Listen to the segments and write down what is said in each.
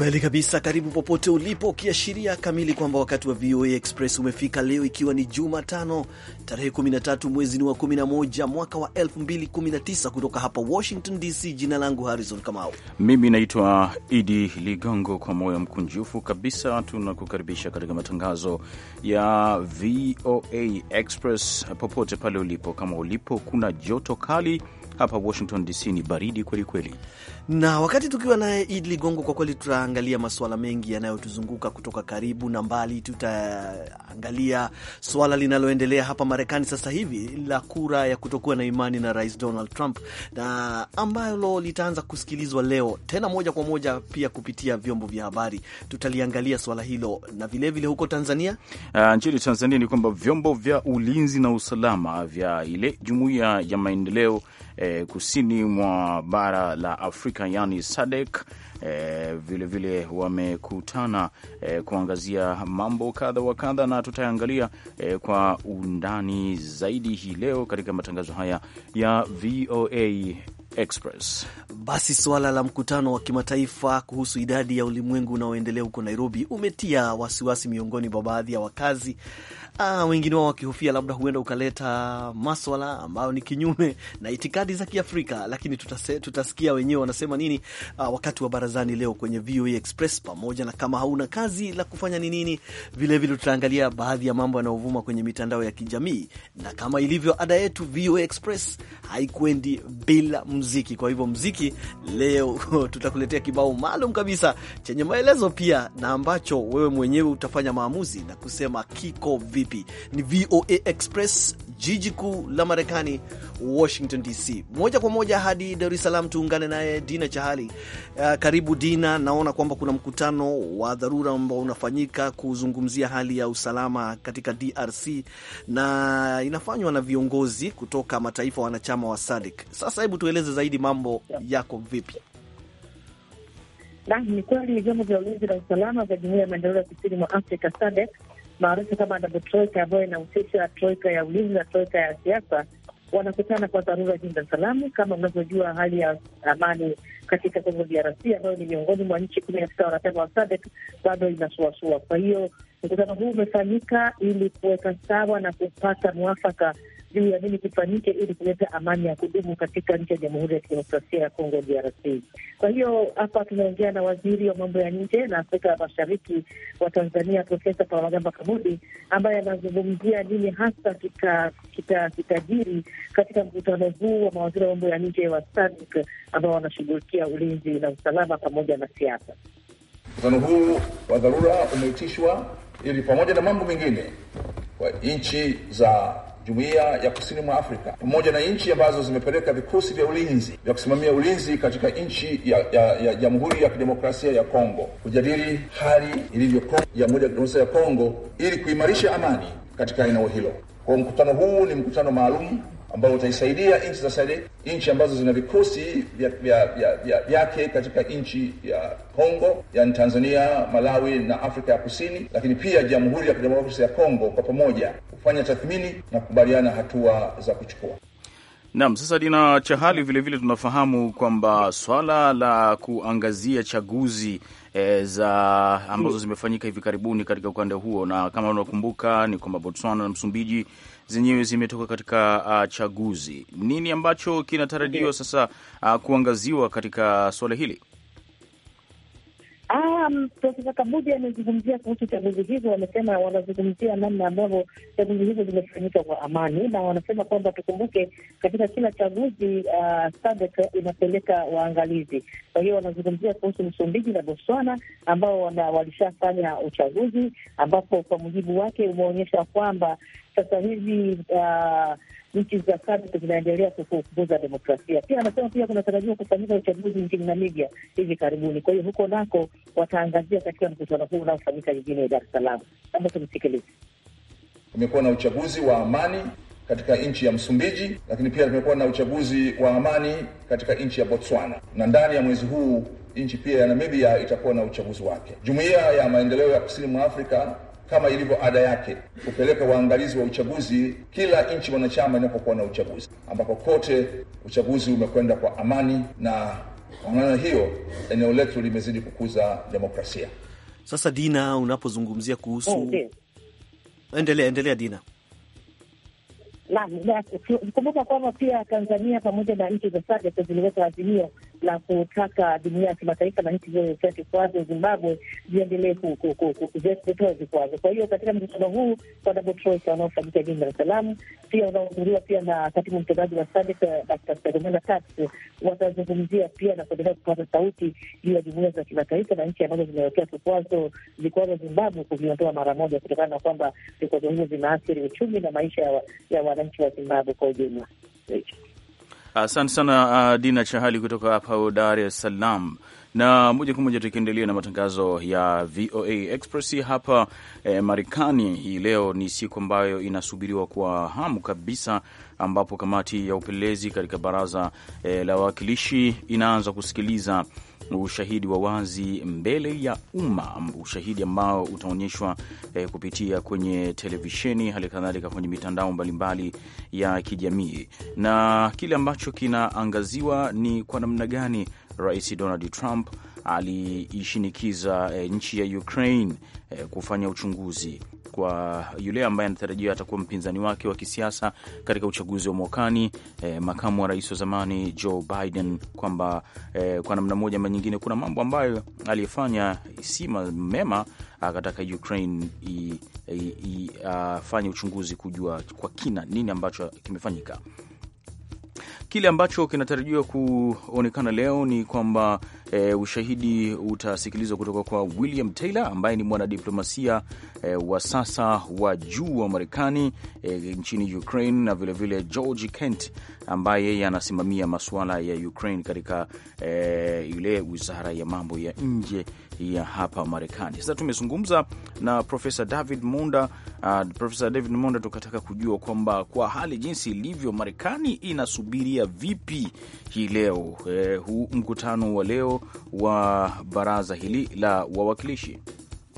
Kweli kabisa, karibu popote ulipo, ukiashiria kamili kwamba wakati wa VOA Express umefika leo, ikiwa ni Jumatano tarehe 13 mwezi ni wa 11 mwaka wa 2019 kutoka hapa Washington DC. Jina langu Harrison Kamau, mimi naitwa Idi Ligongo. Kwa moyo mkunjufu kabisa tunakukaribisha katika matangazo ya VOA Express popote pale ulipo. Kama ulipo kuna joto kali hapa Washington DC ni baridi kwelikweli, na wakati tukiwa naye id Ligongo, kwa kweli tutaangalia masuala mengi yanayotuzunguka kutoka karibu na mbali. Tutaangalia swala linaloendelea hapa Marekani sasa hivi la kura ya kutokuwa na imani na Rais Donald Trump, na ambalo litaanza kusikilizwa leo tena moja kwa moja pia kupitia vyombo vya habari. Tutaliangalia swala hilo na vilevile vile huko Tanzania. Uh, nchini Tanzania ni kwamba vyombo vya ulinzi na usalama vya ile jumuiya ya maendeleo eh, kusini mwa bara la Afrika yani SADC vilevile eh, wamekutana eh, kuangazia mambo kadha wa kadha, na tutaangalia eh, kwa undani zaidi hii leo katika matangazo haya ya VOA Express. Basi suala la mkutano wa kimataifa kuhusu idadi ya ulimwengu unaoendelea huko Nairobi umetia wasiwasi miongoni mwa baadhi ya wakazi ah, wengine wao wakihofia labda huenda ukaleta maswala ambayo ni kinyume na itikadi za Kiafrika, lakini tutase, tutasikia wenyewe wanasema nini ah, wakati wa barazani leo kwenye VOA e Express. Pamoja na kama hauna kazi la kufanya ni nini, vilevile tutaangalia baadhi ya mambo yanayovuma kwenye mitandao ya kijamii, na kama ilivyo ada yetu, VOA e Express haikwendi bila mziki Kwa hivyo mziki leo tutakuletea kibao maalum kabisa chenye maelezo pia na ambacho wewe mwenyewe utafanya maamuzi na kusema kiko vi vipi. Ni VOA Express, jiji kuu la Marekani, Washington DC, moja kwa moja hadi Dar es Salaam. Tuungane naye Dina Chahali. Uh, karibu Dina. Naona kwamba kuna mkutano wa dharura ambao unafanyika kuzungumzia hali ya usalama katika DRC na inafanywa na viongozi kutoka mataifa wanachama wa SADC. Sasa hebu tueleze zaidi, mambo yako vipi? Ni kweli vyombo vya ulinzi na usalama vya Jumuiya ya Maendeleo ya Kusini mwa Afrika SADC maarufu kama double troika, ambayo inahusisha troika ya ulinzi na troika ya siasa, wanakutana kwa dharura jijini Dar es Salaam. Kama unavyojua hali ya amani katika Kongo DRC ambayo ni miongoni mwa nchi kumi na sita wanachama wa SADC bado inasuasua. Kwa hiyo mkutano huu umefanyika ili kuweka sawa na kupata mwafaka juu ya nini kifanyike ili kuleta amani ya kudumu katika nchi ya Jamhuri ya Kidemokrasia ya Kongo, DRC. Kwa hiyo hapa tunaongea na waziri wa mambo ya nje na Afrika ya Mashariki wa Tanzania, Profesa Palamagamba Kabudi, ambaye anazungumzia nini hasa kitajiri kita, kita katika mkutano huu wa mawaziri wa mambo ya nje wa SADC ambao wanashughulikia ulinzi na usalama pamoja na siasa. Mkutano huu wa dharura umeitishwa ili pamoja na mambo mengine kwa nchi za jumuiya ya kusini mwa Afrika pamoja na nchi ambazo zimepeleka vikosi vya ulinzi vya kusimamia ulinzi katika nchi ya Jamhuri ya, ya, ya Kidemokrasia ya Kongo kujadili hali ilivyo Jamhuri ya Kidemokrasia ya Kongo ili kuimarisha amani katika eneo hilo. Kwa mkutano huu ni mkutano maalum ambao utaisaidia nchi za SADC, nchi ambazo zina vikosi vyake katika nchi ya Kongo, yani Tanzania, Malawi na Afrika ya Kusini, lakini pia Jamhuri ya Kidemokrasia ya Kongo, kwa pamoja kufanya tathmini na kukubaliana hatua za kuchukua. Naam, sasa Dina Chahali, vilevile tunafahamu kwamba swala la kuangazia chaguzi e, za ambazo zimefanyika hivi karibuni katika ukanda huo, na kama unakumbuka ni kwamba Botswana na Msumbiji zenyewe zimetoka katika uh, chaguzi. Nini ambacho kinatarajiwa sasa uh, kuangaziwa katika suala hili? Um, Profesa Kabudi amezungumzia kuhusu chaguzi hizo. Wamesema wanazungumzia namna ambavyo chaguzi hizo zimefanyika kwa amani, na wanasema kwamba tukumbuke, katika kila chaguzi uh, inapeleka waangalizi. Kwa hiyo wanazungumzia kuhusu Msumbiji na Botswana ambao walishafanya uchaguzi ambapo kwa mujibu wake umeonyesha kwamba sasa hivi uh, nchi za SADC zinaendelea kukuza demokrasia. Pia anasema pia kunatarajiwa kufanyika uchaguzi nchini Namibia hivi karibuni, kwa hiyo huko nako wataangazia katika mkutano huu unaofanyika jijini Dar es Salaam. Labda tumsikilize. Kumekuwa na uchaguzi wa amani katika nchi ya Msumbiji, lakini pia tumekuwa na uchaguzi wa amani katika nchi ya Botswana, na ndani ya mwezi huu nchi pia ya Namibia itakuwa na uchaguzi wake. Jumuiya ya maendeleo ya kusini mwa Afrika kama ilivyo ada yake kupeleka waangalizi wa uchaguzi kila nchi wanachama inapokuwa na uchaguzi, ambako kote uchaguzi umekwenda kwa amani, na kwa maana hiyo eneo letu limezidi kukuza demokrasia. Sasa Dina, unapozungumzia kuhusu mm, okay. Endelea, endelea Dina. Naam, nakumbuka kwamba pia Tanzania pamoja na nchi za SADC ziliweka azimio la kutaka jumuia ya kimataifa na nchi zilizotia vikwazo Zimbabwe ziendelee kutoa vikwazo. Kwa hiyo katika mkutano huu kwa Dabo Troika unaofanyika jijini Dar es Salaam, pia unaohudhuriwa pia na katibu mtendaji wa SADC Dkt. Stergomena Tax, watazungumzia pia na kuendelea kupata sauti juu ya jumuia za kimataifa na nchi ambazo zimewekea vikwazo vikwazo Zimbabwe kuviondoa mara moja, kutokana na kwamba vikwazo hivyo vinaathiri uchumi na maisha ya wananchi wa Zimbabwe kwa ujumla. Asante sana uh, Dina Chahali kutoka hapa Dar es Salaam na moja kwa moja tukiendelea na matangazo ya VOA Express hapa eh, Marekani. Hii leo ni siku ambayo inasubiriwa kwa hamu kabisa, ambapo kamati ya upelelezi katika baraza eh, la wawakilishi inaanza kusikiliza ushahidi wa wazi mbele ya umma, ushahidi ambao utaonyeshwa eh, kupitia kwenye televisheni, hali kadhalika kwenye mitandao mbalimbali ya kijamii, na kile ambacho kinaangaziwa ni kwa namna gani Rais Donald Trump aliishinikiza eh, nchi ya Ukraine eh, kufanya uchunguzi kwa yule ambaye anatarajiwa atakuwa mpinzani wake wa kisiasa katika uchaguzi wa mwakani, eh, makamu wa rais wa zamani Joe Biden, kwamba eh, kwa namna moja ama nyingine kuna mambo ambayo aliyefanya si mema, akataka ah, Ukraine ifanye ah, uchunguzi kujua kwa kina nini ambacho kimefanyika. Kile ambacho kinatarajiwa kuonekana leo ni kwamba e, ushahidi utasikilizwa kutoka kwa William Taylor ambaye ni mwanadiplomasia e, wa sasa wa juu wa Marekani e, nchini Ukraine na vilevile vile George Kent ambaye yeye anasimamia masuala ya Ukraine katika eh, yule wizara ya mambo ya nje ya hapa Marekani. Sasa tumezungumza na Profesa David Munda. Uh, ah, Profesa David Munda, tukataka kujua kwamba kwa hali jinsi ilivyo, Marekani inasubiria vipi hii leo eh, huu mkutano wa leo wa baraza hili la wawakilishi?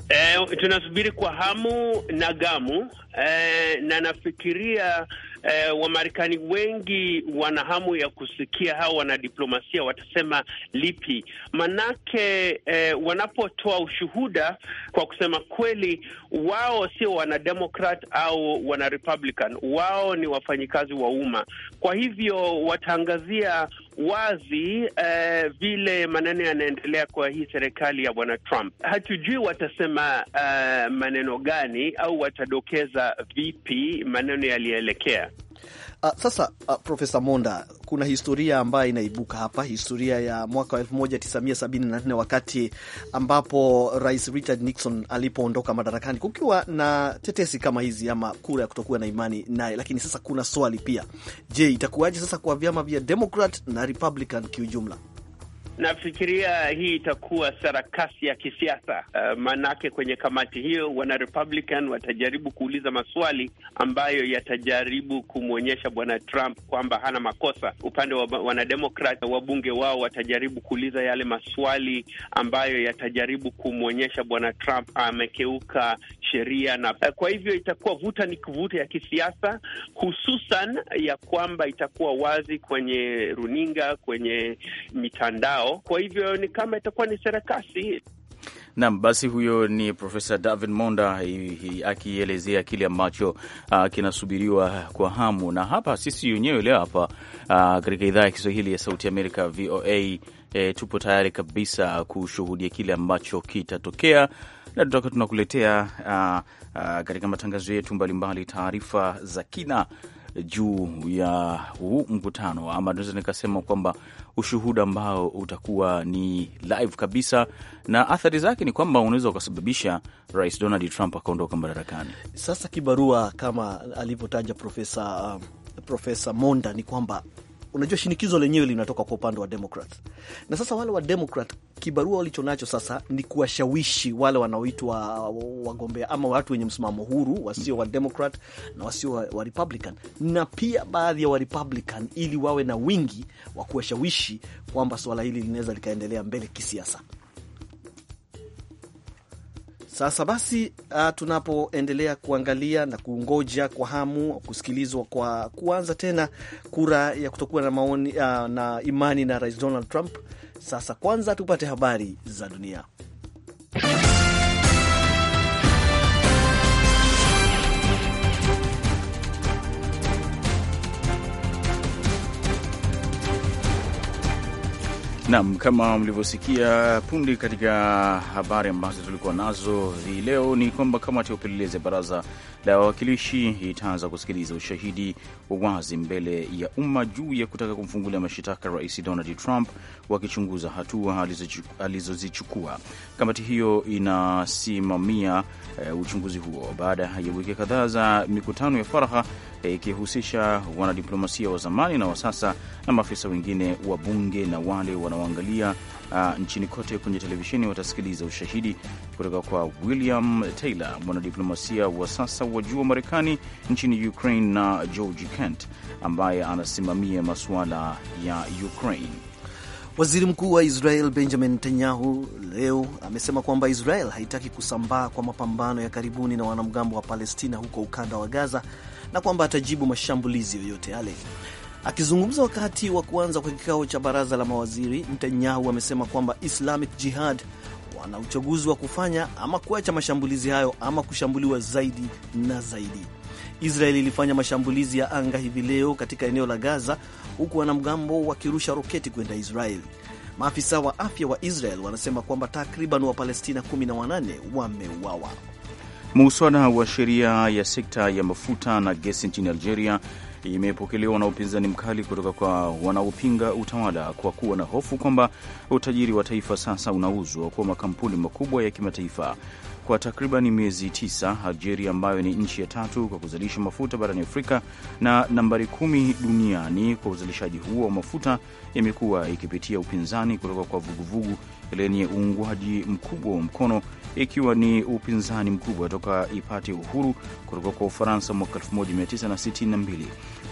Eh, tunasubiri kwa hamu na gamu eh, na nafikiria eh, Wamarekani wengi wana hamu ya kusikia hao wanadiplomasia watasema lipi, manake eh, wanapotoa ushuhuda, kwa kusema kweli, wao sio wanademokrat au wanarepublican, wao ni wafanyikazi wa umma. Kwa hivyo wataangazia wazi uh, vile maneno yanaendelea kwa hii serikali ya bwana Trump. Hatujui watasema uh, maneno gani au watadokeza vipi maneno yaliyoelekea Uh, sasa uh, ah, Profesa Monda, kuna historia ambayo inaibuka hapa, historia ya mwaka wa 1974 wakati ambapo Rais Richard Nixon alipoondoka madarakani, kukiwa na tetesi kama hizi ama kura ya kutokuwa na imani naye. Lakini sasa kuna swali pia, je, itakuwaje sasa kwa vyama vya Democrat na Republican kiujumla? Nafikiria hii itakuwa sarakasi ya kisiasa uh, maanake kwenye kamati hiyo wana Republican watajaribu kuuliza maswali ambayo yatajaribu kumwonyesha bwana Trump kwamba hana makosa. Upande wa wanademokrat, wabunge wao watajaribu kuuliza yale maswali ambayo yatajaribu kumwonyesha bwana Trump amekeuka sheria, na eh, kwa hivyo itakuwa vuta ni kuvuta ya kisiasa, hususan ya kwamba itakuwa wazi kwenye runinga, kwenye mitandao yao. Kwa hivyo ni kama itakuwa ni sarakasi hii. Nam, basi huyo ni Profesa David Monda akielezea kile ambacho uh, kinasubiriwa kwa hamu, na hapa sisi wenyewe leo hapa uh, katika idhaa ya Kiswahili ya Sauti Amerika VOA eh, tupo tayari kabisa kushuhudia kile ambacho kitatokea na tutakuwa tunakuletea uh, uh, katika matangazo yetu mbalimbali taarifa za kina juu ya huu mkutano, ama naweza nikasema kwamba ushuhuda ambao utakuwa ni live kabisa, na athari zake ni kwamba unaweza ukasababisha Rais Donald Trump akaondoka madarakani. Sasa kibarua kama alivyotaja Profesa um, Profesa Monda ni kwamba unajua shinikizo lenyewe linatoka kwa upande wa demokrat na sasa wale wa kibarua walichonacho sasa ni kuwashawishi wale wanaoitwa wagombea ama watu wenye msimamo huru wasio wa Democrat na wasio wa, wa Republican na pia baadhi ya wa Republican ili wawe na wingi wa kuwashawishi kwamba suala hili linaweza likaendelea mbele kisiasa. Sasa basi, uh, tunapoendelea kuangalia na kungoja kwa hamu kusikilizwa kwa kuanza tena kura ya kutokuwa na maoni, uh, na imani na Rais Donald Trump sasa kwanza tupate habari za dunia. Naam, kama mlivyosikia punde katika habari ambazo tulikuwa nazo hii leo ni kwamba kamati ya upelelezi ya baraza la wawakilishi itaanza kusikiliza ushahidi wa wazi mbele ya umma juu ya kutaka kumfungulia mashitaka Rais Donald Trump wakichunguza hatua alizozichukua. Kamati hiyo inasimamia e, uchunguzi huo baada ya wiki kadhaa za mikutano ya faraha eh, ikihusisha e, wanadiplomasia wa zamani na wa sasa na maafisa wengine wa bunge na wale wana wanaoangalia uh, nchini kote kwenye televisheni watasikiliza ushahidi kutoka kwa William Taylor, mwanadiplomasia wa sasa wa juu wa Marekani nchini Ukraine na George Kent ambaye anasimamia masuala ya Ukraine. Waziri mkuu wa Israel Benjamin Netanyahu leo amesema kwamba Israel haitaki kusambaa kwa mapambano ya karibuni na wanamgambo wa Palestina huko ukanda wa Gaza na kwamba atajibu mashambulizi yoyote yale. Akizungumza wakati wa kuanza kwa kikao cha baraza la mawaziri, Netanyahu amesema kwamba Islamic Jihad wana uchaguzi wa kufanya ama kuacha mashambulizi hayo ama kushambuliwa zaidi na zaidi. Israeli ilifanya mashambulizi ya anga hivi leo katika eneo la Gaza, huku wanamgambo wakirusha roketi kwenda Israeli. Maafisa wa afya wa Israel wanasema kwamba takriban Wapalestina 18 wameuawa. Muswada wa sheria ya sekta ya mafuta na gesi nchini Algeria imepokelewa na upinzani mkali kutoka kwa wanaopinga utawala kwa kuwa na hofu kwamba utajiri wa taifa sasa unauzwa kwa makampuni makubwa ya kimataifa kwa takribani miezi tisa. Algeria ambayo ni nchi ya tatu kwa kuzalisha mafuta barani Afrika na nambari kumi duniani kwa uzalishaji huo wa mafuta imekuwa ikipitia upinzani kutoka kwa vuguvugu lenye uungwaji mkubwa wa mkono, ikiwa ni upinzani mkubwa toka ipate uhuru kutoka kwa Ufaransa mwaka 1962.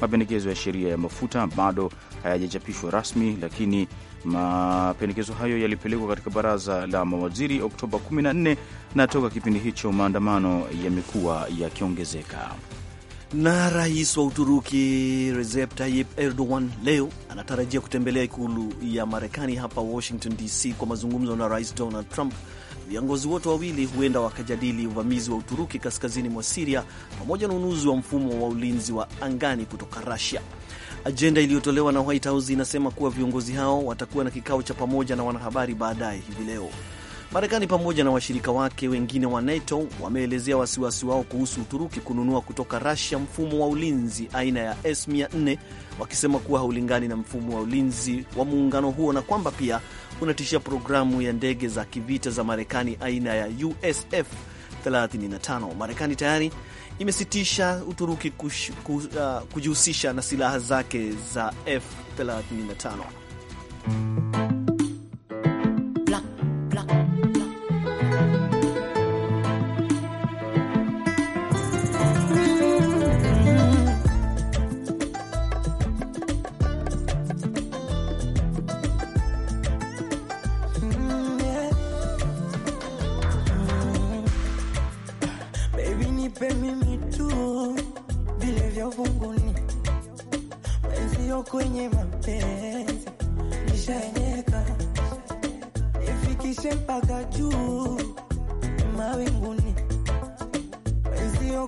Mapendekezo ya sheria ya mafuta bado hayajachapishwa rasmi, lakini Mapendekezo hayo yalipelekwa katika baraza la mawaziri Oktoba 14 na toka kipindi hicho maandamano yamekuwa yakiongezeka. Na rais wa Uturuki Recep Tayyip Erdogan leo anatarajia kutembelea ikulu ya Marekani hapa Washington DC kwa mazungumzo na rais Donald Trump. Viongozi wote wawili huenda wakajadili uvamizi wa Uturuki kaskazini mwa Siria pamoja na ununuzi wa mfumo wa ulinzi wa angani kutoka Rusia. Ajenda iliyotolewa na White House inasema kuwa viongozi hao watakuwa na kikao cha pamoja na wanahabari baadaye hivi leo. Marekani pamoja na washirika wake wengine wa NATO wameelezea wasiwasi wao kuhusu Uturuki kununua kutoka rusia mfumo wa ulinzi aina ya S400 wakisema kuwa haulingani na mfumo wa ulinzi wa muungano huo na kwamba pia unatishia programu ya ndege za kivita za Marekani aina ya USF 35. Marekani tayari imesitisha Uturuki kush, ku, uh, kujihusisha na silaha zake za F35.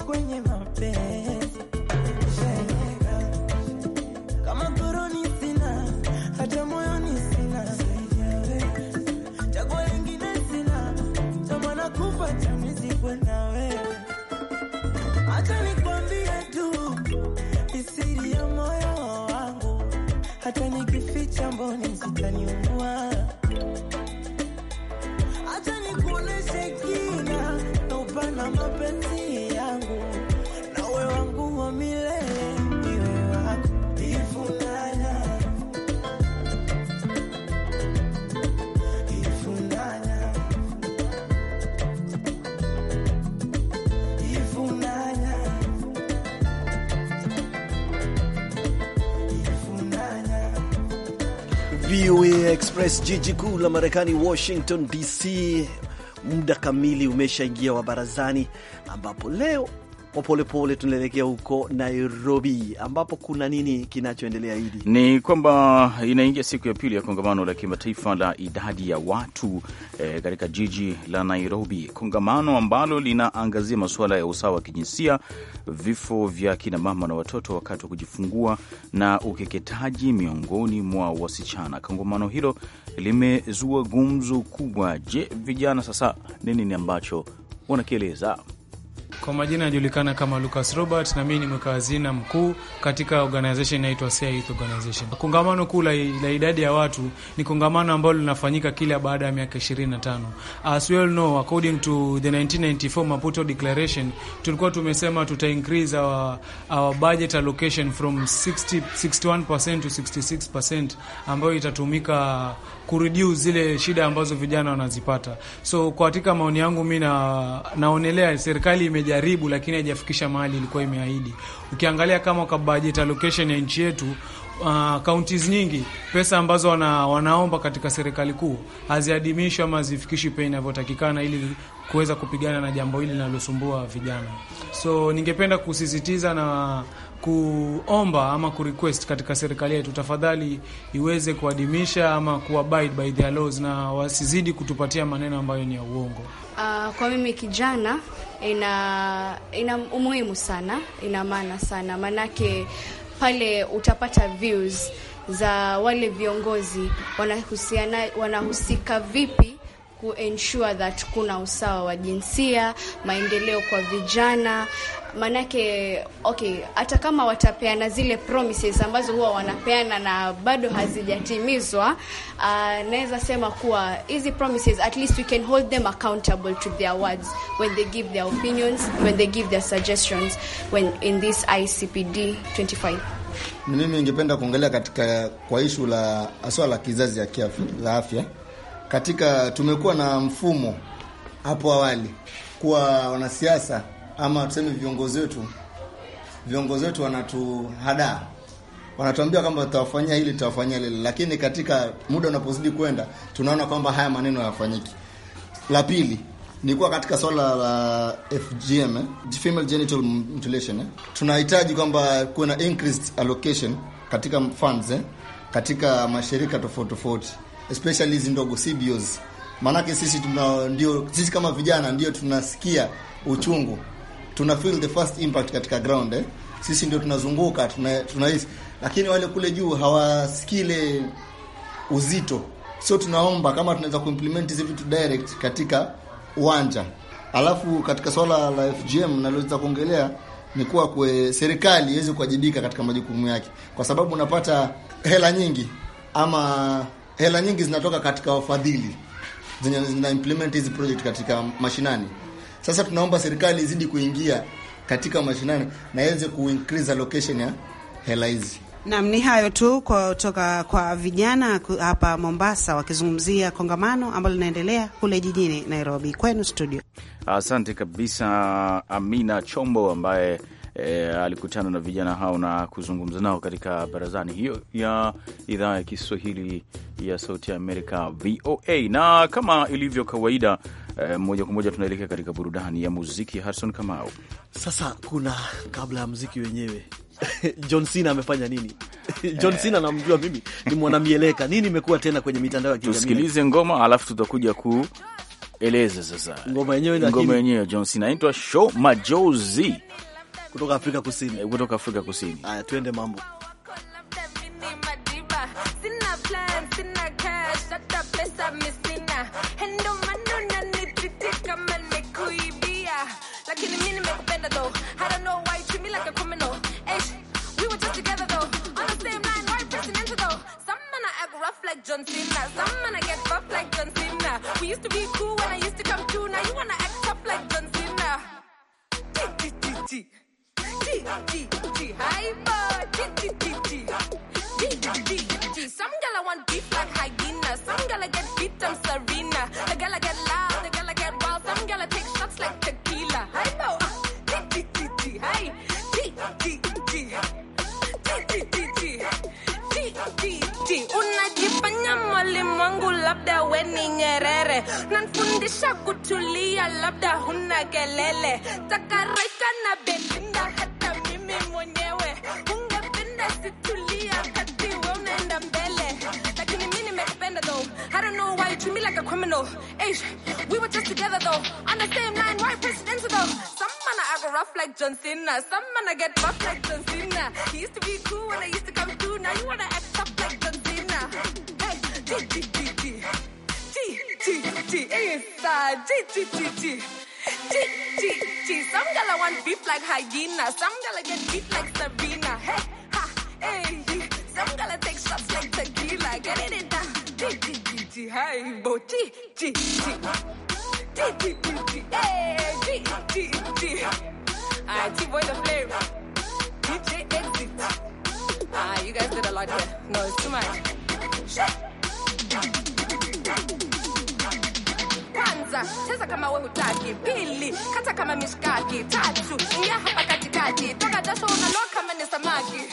kwenye Express, jiji kuu la Marekani, Washington DC. Muda kamili umeshaingia wa barazani, ambapo leo kwa polepole tunaelekea huko Nairobi, ambapo kuna nini kinachoendelea hidi ni kwamba inaingia siku ya pili ya kongamano la kimataifa la idadi ya watu e, katika jiji la Nairobi, kongamano ambalo linaangazia masuala ya usawa wa kijinsia, vifo vya kinamama na watoto wakati wa kujifungua na ukeketaji miongoni mwa wasichana. Kongamano hilo limezua gumzo kubwa. Je, vijana sasa nini ni ambacho wanakieleza? Kwa majina yanajulikana kama Lucas Robert na mimi ni mweka hazina mkuu katika organization inaitwa Share Youth Organization. Kongamano kuu la idadi ya watu ni kongamano ambalo linafanyika kila baada ya miaka 25. As well know according to the 1994 Maputo Declaration tulikuwa tumesema tuta increase our, our budget allocation from 60 61% to 66% ambayo itatumika kureduce zile shida ambazo vijana wanazipata. So katika maoni yangu mimi na naonelea serikali imeja imejaribu lakini haijafikisha mahali ilikuwa imeahidi. Ukiangalia kama kwa budget allocation ya nchi yetu uh, counties nyingi pesa ambazo wana, wanaomba katika serikali kuu haziadimishwi ama hazifikishi pei inavyotakikana ili kuweza kupigana na jambo hili linalosumbua vijana. So ningependa kusisitiza na kuomba ama kurequest katika serikali yetu, tafadhali iweze kuadimisha ama kuabide by their laws na wasizidi kutupatia maneno ambayo ni ya uongo. Uh, kwa mimi kijana ina, ina umuhimu sana, ina maana sana, maanake pale utapata views za wale viongozi wanahusiana, wanahusika vipi ensure that kuna usawa wa jinsia, maendeleo kwa vijana Manake okay, hata kama watapeana zile promises ambazo huwa wanapeana na bado hazijatimizwa, uh, naweza sema kuwa hizi promises at least we can hold them accountable to their words when they give their opinions, when they give their suggestions when in this ICPD 25. Mimi ningependa kuongelea katika kwa ishu la aswa la kizazi ya kiafya, la afya katika tumekuwa na mfumo hapo awali kuwa wanasiasa ama tuseme viongozi wetu viongozi wetu wanatuhada, wanatuambia kwamba tutawafanyia hili tutawafanyia lile, lakini katika muda unapozidi kwenda tunaona kwamba haya maneno hayafanyiki. La pili ni nilikuwa katika swala la FGM eh, female genital mutilation eh. Tunahitaji kwamba kuwe na increased allocation katika funds eh, katika mashirika tofauti tofauti, especially hizi ndogo CBOs, maanake sisi tuna ndio, sisi kama vijana ndio tunasikia uchungu tuna feel the first impact katika ground eh. Sisi ndio tunazunguka tunahisi tuna, lakini wale kule juu hawasikile uzito, so tunaomba kama tunaweza kuimplement hizi vitu direct katika uwanja. Alafu katika swala la FGM naloweza kuongelea ni kuwa kwe serikali iweze kuwajibika katika majukumu yake, kwa sababu unapata hela nyingi ama hela nyingi zinatoka katika wafadhili zenye zina implement hizi project katika mashinani sasa tunaomba serikali izidi kuingia katika mashinani na iweze kuincrease allocation ya hela hizi. Naam, ni hayo tu kutoka kwa vijana hapa Mombasa wakizungumzia kongamano ambalo linaendelea kule jijini Nairobi. Kwenu studio. Asante kabisa Amina Chombo ambaye E, alikutana na vijana hao na kuzungumza nao katika barazani hiyo ya idhaa ya Kiswahili ya Sauti ya Amerika VOA. Na kama ilivyo kawaida, Eh, moja kwa moja tunaelekea katika burudani ya muziki. harson Kamau, sasa kuna kabla ya muziki wenyewe John Cena amefanya nini? John Cena namjua mimi ni mwanamieleka nini, imekuwa tena kwenye mitandao ya kijamii. Tusikilize ngoma alafu tutakuja kueleza sasa ngoma yenyewe, ngoma yenyewe John Cena inaitwa Show Majozi kutoka Afrika Kusini, eh, kutoka Afrika Kusini. Haya, tuende mambo like John Cena. Some man I get buff like John Cena. We used to be cool when I used to come through. Now you wanna act tough like John Cena. G G G G G G G Hyper G G G G hata mimi mwenyewe ungependa situlia kati we unaenda mbele lakini mi nimekupenda though I don't know why you treat me like a criminal we were just together though on the same line why presidential though some man I go rough like John Cena some man I get rough like John Cena he used to be cool when I used to come through now you wanna act up like John Cena hey, G, G, G, G. G, G, G, uh, G, G, G, G, G. Gee, gee, gee. Some girl I want beef like hyena. Some girl I get beef like Sabina. Hey, ha, hey. Some girl I take shots like tequila. Get it in time. Gee, gee, gee, gee. Hey, bo, gee, gee, gee. Gee, gee. hata kama mishkaki tatu, ingia hapa katikati, toka jasho unalo kama ni samaki,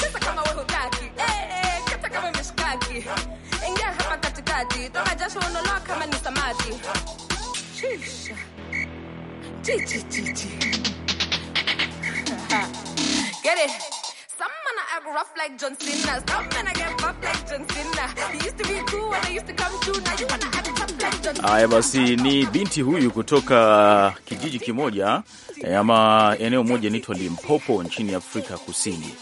cheza kama wewe hutaki, eh, kata eh, kama mishkaki, ingia hapa katikati, toka jasho unalo kama ni samaki, chisha ti ti ti ti, get it Some man I act rough like John Cena. Some man I get rough like John Cena. He used to be cool when I used to come through. Now you wanna act tough like John Cena. Haya basi, ni binti huyu kutoka kijiji kimoja eh, ama eneo moja inaitwa Limpopo nchini Afrika Kusini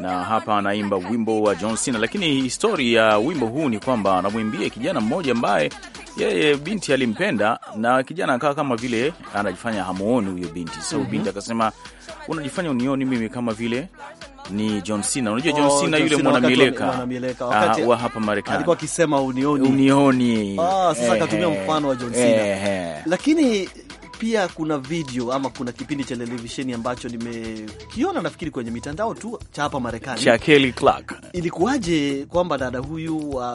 na hapa anaimba wimbo wa John Cena, lakini histori ya wimbo huu ni kwamba anamwimbia kijana mmoja ambaye yeye binti alimpenda, na kijana akawa kama vile anajifanya hamuoni huyo binti. So mm -hmm. binti akasema unajifanya unioni mimi kama vile ni John Cena. Unajua oh, John Cena yule mwanamieleka ah, wa hapa Marekani alikuwa akisema unioni, unioni. Ah, sasa akatumia eh, mfano wa John eh, Cena, eh. lakini pia kuna video ama kuna kipindi cha televisheni ambacho nimekiona nafikiri kwenye mitandao tu cha hapa Marekani cha Kelly Clark. Ilikuwaje kwamba dada huyu wa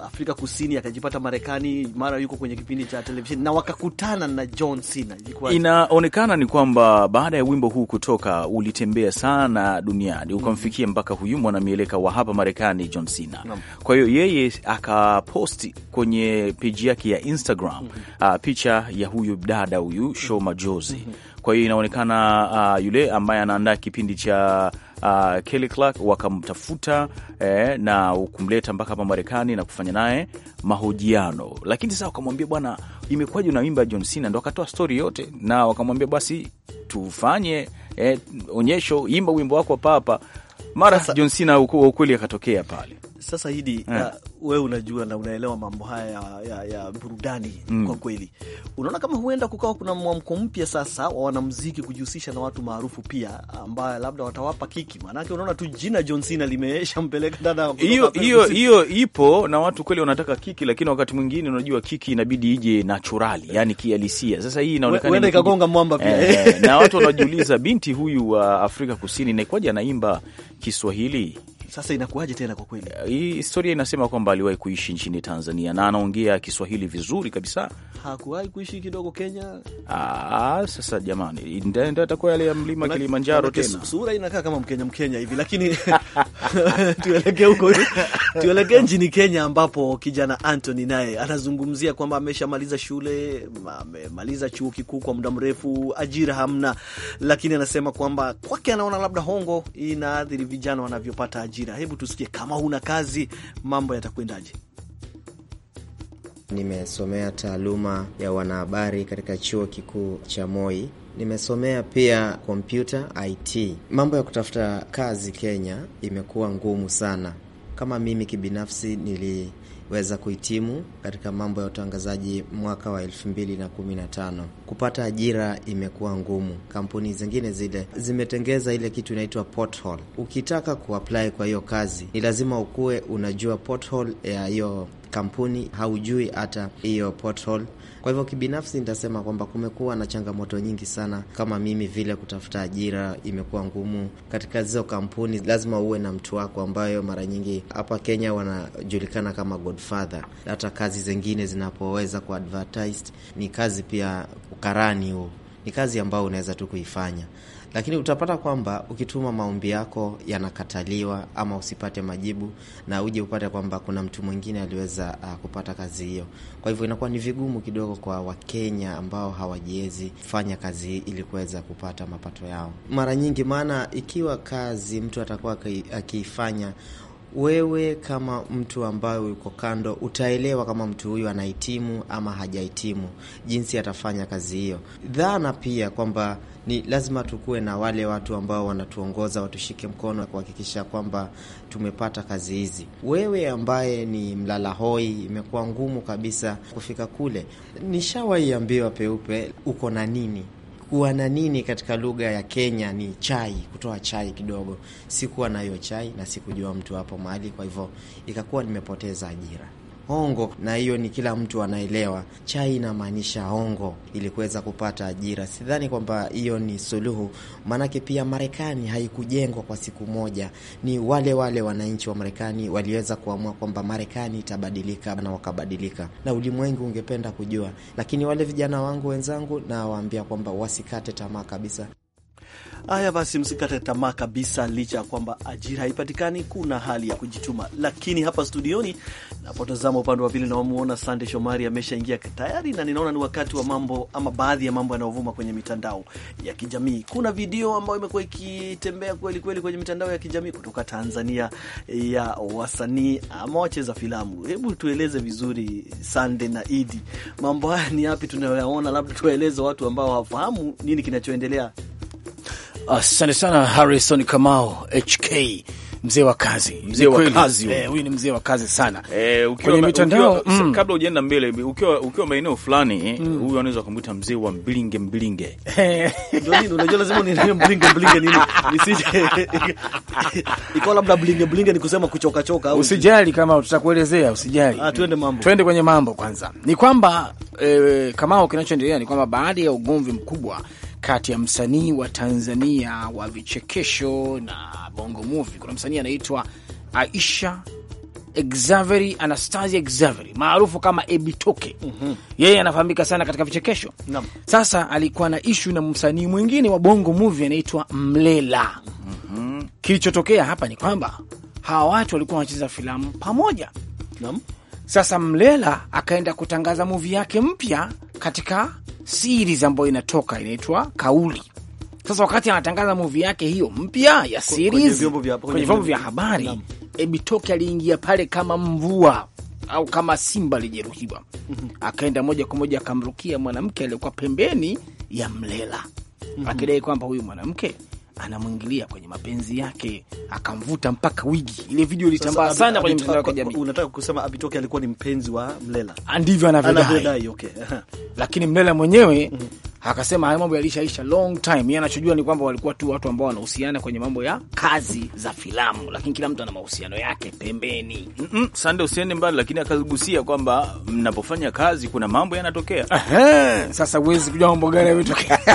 uh, Afrika Kusini akajipata Marekani mara yuko kwenye kipindi cha televisheni na wakakutana na John Cena? Inaonekana ni kwamba baada ya wimbo huu kutoka ulitembea sana duniani mhm. ukamfikia mpaka huyu mwanamieleka wa hapa Marekani John Cena. Kwa hiyo yeye akaposti kwenye peji yake ya Instagram mm -hmm. uh, picha ya huyu dada huyu huyu Show Majozi. Kwa hiyo inaonekana uh, yule ambaye anaandaa kipindi cha uh, Kelly Clark wakamtafuta eh, na kumleta mpaka hapa Marekani na kufanya naye mahojiano, lakini sasa wakamwambia, bwana, imekuwaje unaimba John Cena? Ndo akatoa stori yote na wakamwambia, basi tufanye eh, onyesho, imba wimbo wako papa. mara John Cena wa ukweli akatokea pale. Sasa hidi yeah. Eh, wewe unajua na unaelewa mambo haya ya, ya, ya burudani mm. Kwa kweli unaona kama huenda kukawa kuna mwamko mpya sasa wa wanamziki kujihusisha na watu maarufu pia, ambayo labda watawapa kiki, maanake unaona tu jina John Cena limeshampeleka dada hiyo hiyo ipo na watu kweli wanataka kiki, lakini wakati mwingine unajua kiki inabidi ije naturali, yani kialisia Sasa hii inaonekana ikagonga mwamba pia eh, eh. na watu wanajiuliza binti huyu wa Afrika Kusini nakwaja anaimba Kiswahili sasa inakuwaje tena kwa kweli? Uh, Hii historia inasema kwamba aliwahi kuishi nchini Tanzania na anaongea Kiswahili vizuri kabisa. Hakuwahi kuishi kidogo Kenya? Ah, sasa jamani, ndio atakuwa yale ya mlima Kilimanjaro tena. Sura inakaa kama Mkenya Mkenya hivi lakini tuelekee huko. Tuelekee nchini Kenya ambapo kijana Anthony naye anazungumzia kwamba ameshamaliza shule, amemaliza chuo kikuu kwa muda mrefu, ajira hamna, lakini anasema kwamba kwake anaona labda hongo inaathiri vijana wanavyopata ajira ajira. Hebu tusikie, kama huna kazi mambo yatakwendaje? Nimesomea taaluma ya wanahabari katika chuo kikuu cha Moi. Nimesomea pia kompyuta IT. Mambo ya kutafuta kazi Kenya imekuwa ngumu sana. Kama mimi kibinafsi nili weza kuhitimu katika mambo ya utangazaji mwaka wa elfu2 tano. Kupata ajira imekuwa ngumu. Kampuni zingine zile zimetengeza ile kitu inaitwa Ukitaka kuapply kwa hiyo kazi, ni lazima ukuwe unajua ya hiyo kampuni, haujui hata hiyo porthole. Kwa hivyo kibinafsi nitasema kwamba kumekuwa na changamoto nyingi sana. Kama mimi vile kutafuta ajira imekuwa ngumu katika hizo kampuni, lazima uwe na mtu wako ambayo mara nyingi hapa Kenya wanajulikana kama godfather. Hata kazi zingine zinapoweza ku ni kazi pia, ukarani huo ni kazi ambayo unaweza tu kuifanya lakini utapata kwamba ukituma maombi yako yanakataliwa ama usipate majibu, na uje upate kwamba kuna mtu mwingine aliweza uh, kupata kazi hiyo. Kwa hivyo inakuwa ni vigumu kidogo kwa Wakenya ambao hawajiwezi fanya kazi hii ili kuweza kupata mapato yao mara nyingi, maana ikiwa kazi mtu atakuwa akiifanya wewe kama mtu ambaye uko kando utaelewa kama mtu huyu anahitimu ama hajahitimu, jinsi atafanya kazi hiyo. Dhana pia kwamba ni lazima tukuwe na wale watu ambao wanatuongoza, watushike mkono kuhakikisha kwamba tumepata kazi hizi. Wewe ambaye ni mlala hoi, imekuwa ngumu kabisa kufika kule. Nishawaiambiwa peupe, uko na nini? kuwa na nini katika lugha ya Kenya ni chai, kutoa chai kidogo. Sikuwa na hiyo chai na sikujua mtu hapo mahali, kwa hivyo ikakuwa nimepoteza ajira hongo, na hiyo ni kila mtu anaelewa chai inamaanisha hongo, ili kuweza kupata ajira. Sidhani kwamba hiyo ni suluhu, maanake pia Marekani haikujengwa kwa siku moja. Ni wale wale wananchi wa Marekani waliweza kuamua kwamba Marekani itabadilika na wakabadilika, na ulimwengu ungependa kujua. Lakini wale vijana wangu wenzangu, nawaambia kwamba wasikate tamaa kabisa. Haya basi, msikate tamaa kabisa. Licha ya kwamba ajira haipatikani, kuna hali ya kujituma. Lakini hapa studioni Napotazama upande wa pili namuona Sande Shomari ameshaingia tayari, na ninaona ni wakati wa mambo ama baadhi ya mambo yanayovuma kwenye mitandao ya kijamii. Kuna video ambayo imekuwa ikitembea kweli kweli kwenye mitandao ya kijamii kutoka Tanzania ya wasanii ama wacheza filamu. Hebu tueleze vizuri, Sande na Idi, mambo haya ni yapi tunayoyaona? Labda tuwaeleze watu ambao hawafahamu nini kinachoendelea. Asante sana Harrison Kamau HK mzee wa kazi, mzee wa kazi huyu. Eh, ni mzee wa kazi sana eh, ukiwa kwenye mitandao mm. Kabla hujaenda mbele, ukiwa ukiwa maeneo fulani eh, mm. Huyu anaweza kumuita mzee wa mbilinge mbilinge, eh. ndio nini, unajua lazima ni mbilinge mbilinge nini, nisije iko labda mbilinge mbilinge ni kusema kuchoka choka au usijali, kama tutakuelezea usijali. Ah, twende mambo, twende kwenye mambo. Kwanza ni kwamba eh, kamao, kinachoendelea ni kwamba baada ya ugomvi mkubwa kati ya msanii wa Tanzania wa vichekesho na bongo movie. Kuna msanii anaitwa Aisha Xaveri, Anastasia Xaveri maarufu kama Ebitoke. mm -hmm. Yeye anafahamika sana katika vichekesho no. Sasa alikuwa na ishu na msanii mwingine wa bongo movie anaitwa Mlela. mm -hmm. Kilichotokea hapa ni kwamba hawa watu walikuwa wanacheza filamu pamoja no. Sasa Mlela akaenda kutangaza movie yake mpya katika series ambayo inatoka inaitwa Kauli. Sasa wakati anatangaza movie yake hiyo mpya ya series kwenye vyombo vya habari, Ebitoke aliingia pale kama mvua au kama simba alijeruhiwa, mhm. akaenda moja kwa moja akamrukia mwanamke aliyekuwa pembeni ya mlela, mhm. akidai kwamba huyu mwanamke anamwingilia kwenye mapenzi yake, akamvuta mpaka wigi. Ile video ilitambaa sana kwenye mitandao ya kijamii. Unataka kusema Abitoke alikuwa ni mpenzi wa Mlela? Ndivyo anavyodai, okay. Lakini Mlela mwenyewe mm -hmm. akasema haya mambo yalishaisha long time. Yeye anachojua ni kwamba walikuwa tu watu ambao wanahusiana kwenye mambo ya kazi za filamu, lakini kila mtu ana mahusiano yake pembeni. mm -mm, Sande, usiende mbali, lakini akagusia kwamba mnapofanya kazi kuna mambo yanatokea. Sasa huwezi kujua mambo gani yametokea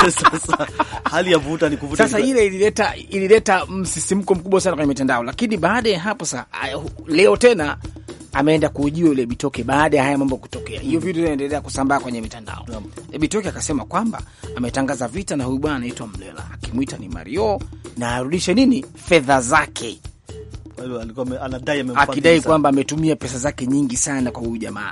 Sasa hali ya vuta ni kuvuta. Sasa ile ilileta ilileta msisimko mkubwa sana kwenye mitandao, lakini baada ya hapo sasa, leo tena ameenda kuujiwa yule Bitoke baada ya haya mambo kutokea, hiyo video inaendelea kusambaa kwenye mitandao. E, Bitoke akasema kwamba ametangaza vita na huyu bwana anaitwa Mlela, akimwita ni Mario na arudishe nini fedha zake, akidai kwamba ametumia pesa zake nyingi sana kwa huyu jamaa.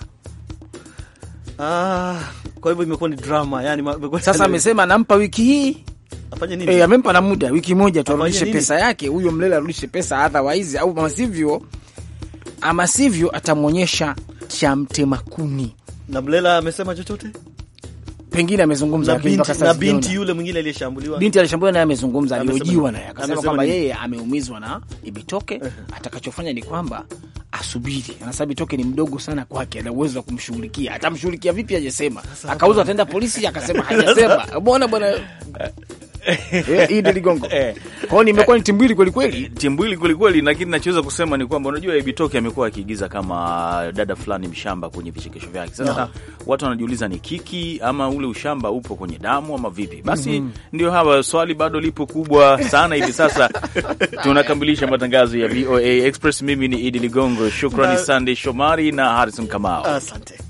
Ah, kwa hivyo imekuwa ni drama yani, sasa amesema anampa wiki hii afanye nini? Eh, amempa na muda wiki moja tu arudishe pesa yake, huyo mlele arudishe pesa, otherwise au masivyo, ama sivyo atamwonyesha cha mtema kuni. Na mlela amesema chochote? pengine amezungumza na binti, na binti yule mwingine aliyeshambuliwa, binti aliyeshambuliwa naye amezungumza, aliojiwa naye akasema kwamba yeye ameumizwa na Ibitoke. Atakachofanya ni kwamba asubiri, anasema Ibitoke ni mdogo sana kwake, ana uwezo wa kumshughulikia. Atamshughulikia vipi? Hajasema. Akauza, ataenda polisi, akasema hajasema. Umeona bwana eh, Eh, eh, Idi Ligongo. Eh. Kwao nimekuwa ni timbwili kweli kweli. Timbwili kweli kweli, lakini ninachoweza kusema ni kwamba unajua Ibi Toki amekuwa akiigiza kama dada fulani mshamba kwenye vichekesho vyake. Sasa no. watu wanajiuliza ni kiki ama ule ushamba upo kwenye damu ama vipi? Basi mm -hmm. ndio hawa swali bado lipo kubwa sana hivi sasa. Tunakamilisha matangazo ya VOA Express. Mimi ni Idi Ligongo. Shukrani Sunday Shomari na Harrison Kamau, Asante.